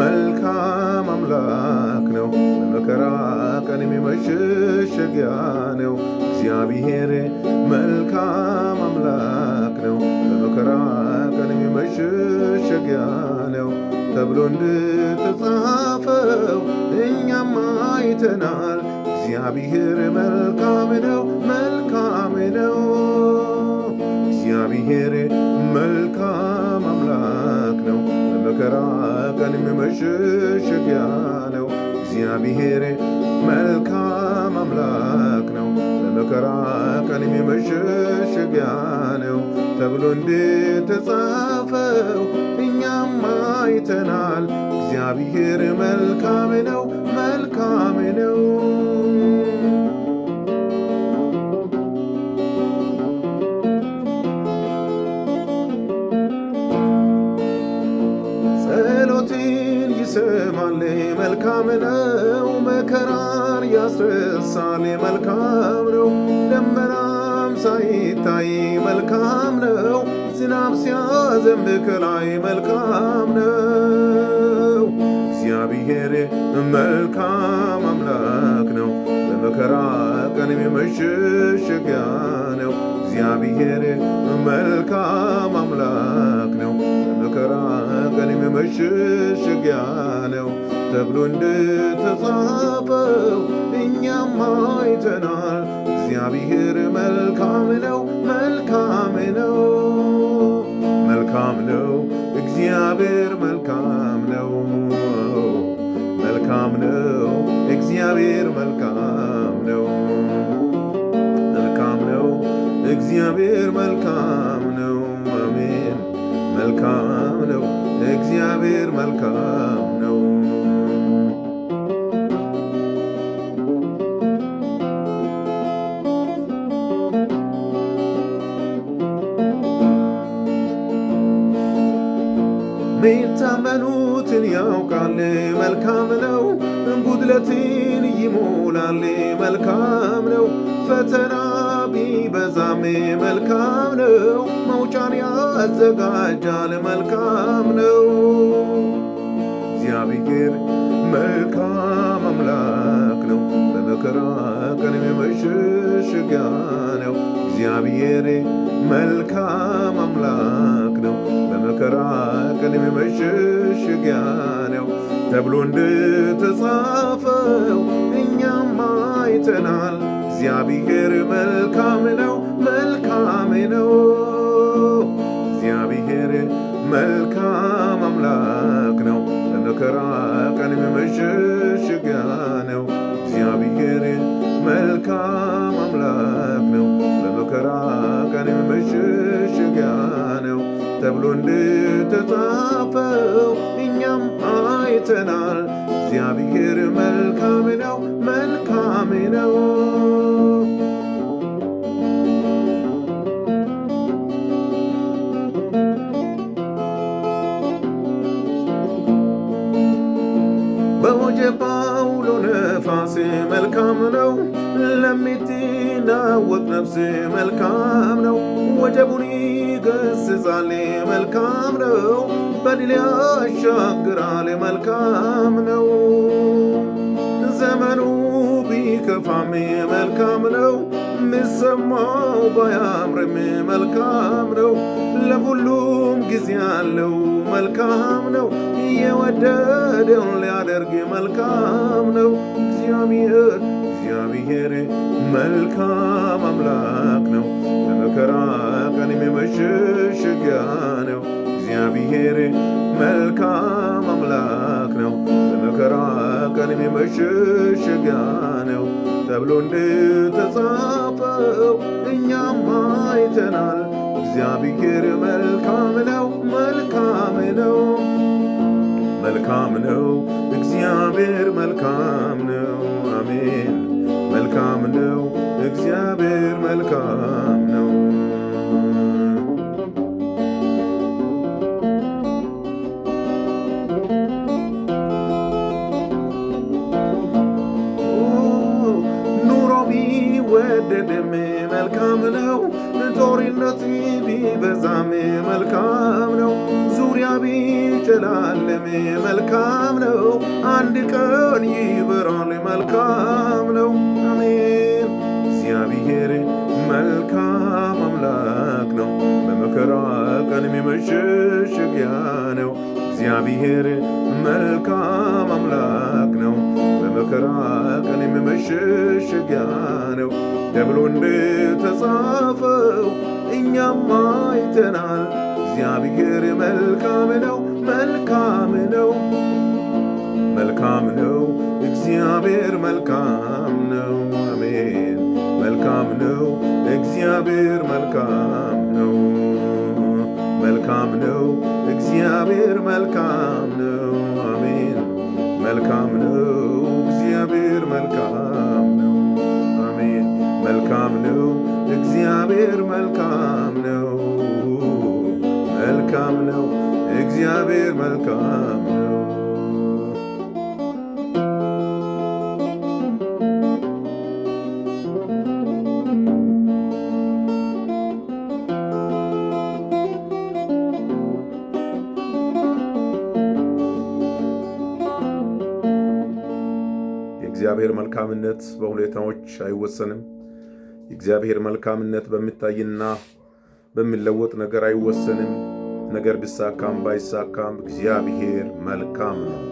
መልካም አምላክ ነው። በመከራ ቀን የመሸሸጊያ ነው። እግዚአብሔር መልካም አምላክ ነው። በመከራ ቀን የመሸሸጊያ ነው ተብሎ እንደተጻፈው እኛም አይተናል። እግዚአብሔር መልካም ነው፣ መልካም ነው። እግዚአብሔር መልካም በመከራ ቀንም መሸሸጊያ ነው። እግዚአብሔር መልካም አምላክ ነው። በመከራ ቀንም መሸሸጊያ ነው ተብሎ እንደተጻፈው እኛም አይተናል። እግዚአብሔር መልካም ነው፣ መልካም ነው። መልካም ነው፣ መከራን ያስረሳል። መልካም ነው፣ ደመናም ሳይታይ መልካም ነው፣ ዝናብ ሲያዘንብ ከላይ መልካም ነው። እግዚአብሔር መልካም አምላክ ነው፣ በመከራ ቀን መሸሸጊያ ነው። እግዚአብሔር መልካም አምላክ ነው በመከራ ቀን ነው እግዚአብሔር መልካም አምላክ ነው ቀንም መሸሸጊያ ነው ተብሎ እንደተጻፈው እኛም አይተናል። እግዚአብሔር መልካም ነው፣ መልካም ነው፣ መልካም ነው። እግዚአብሔር መልካም ነው፣ መልካም ነው። እግዚአብሔር መልካም ነው፣ መልካም ነው። እግዚአብሔር መልካም ነው። መልካም ነው፣ እግዚአብሔር መልካም ነው። ሜታመኑትን ያውቃል፣ መልካም ነው። ጉድለትን ይሞላል፣ መልካም ነው። ፈተና ቢበዛም መልካም ነው። መውጫን ያዘጋጃል መልካም ነው። እግዚአብሔር መልካም አምላክ ነው። በመከራ ቀን መሸሸጊያ ነው። እግዚአብሔር መልካም አምላክ ነው። በመከራ ቀን መሸሸጊያ ነው ተብሎ እንደተጻፈው እኛም አይተናል። እግዚአብሔር መልካም ነው፣ መልካም ነው። እግዚአብሔር መልካም አምላክ ነው፣ በመከራ ቀን መሸሸጊያ ነው። እግዚአብሔር መልካም አምላክ ነው፣ በመከራ ቀን መሸሸጊያ ነው ተብሎ እንደተጻፈው እኛም አይተናል። እግዚአብሔር መልካም ነው ነው ጀባውሎ ነፋስ መልካም ነው ለሚትናወቅ ነፍስ መልካም ነው ወጀቡን ይገስጻል መልካም ነው በድል ያሻግራል መልካም ነው ዘመኑ ቢከፋም መልካም ነው ምሰማው ባያምርም መልካም ነው ለሁሉም ጊዜ ያለው መልካም ነው የወደደውን ሊያደርግ መልካም ነው። እግዚአብሔር እግዚአብሔር መልካም አምላክ ነው። በመከራ ቀንም የመሸሸጊያ ነው። እግዚአብሔር መልካም አምላክ ነው። በመከራ ቀንም የመሸሸጊያ ነው ተብሎ እንደተጻፈው እኛም አይተናል። እግዚአብሔር መልካም ነው፣ መልካም ነው። መልካም ነው፣ እግዚአብሔር መልካም ነው። አሜን። መልካም ነው፣ እግዚአብሔር መልካም ቢወደድም መልካም ነው፣ ጦርነት ቢበዛም መልካም ነው፣ ዙሪያ ቢጨላልም መልካም ነው፣ አንድ ቀን ይበራል መልካም ነው። አሜን። እግዚአብሔር መልካም አምላክ ነው፣ በመከራ ቀን መሸሸጊያ ነው። እግዚአብሔር መልካም መሸሸጊያ ነው ተብሎ እንደተጻፈው እኛም አይተናል። እግዚአብሔር መልካም ነው፣ መልካም ነው፣ መልካም ነው። እግዚአብሔር መልካም ነው። አሜን። መልካም ነው። እግዚአብሔር መልካም ነው። መልካም ነው። እግዚአብሔር መልካም ነው። አሜን። መልካም ነው። እግዚአብሔር መልካም ነው፣ መልካም ነው፣ እግዚአብሔር መልካም ነው። መልካምነት በሁኔታዎች አይወሰንም። የእግዚአብሔር መልካምነት በሚታይና በሚለወጥ ነገር አይወሰንም። ነገር ቢሳካም ባይሳካም እግዚአብሔር መልካም ነው።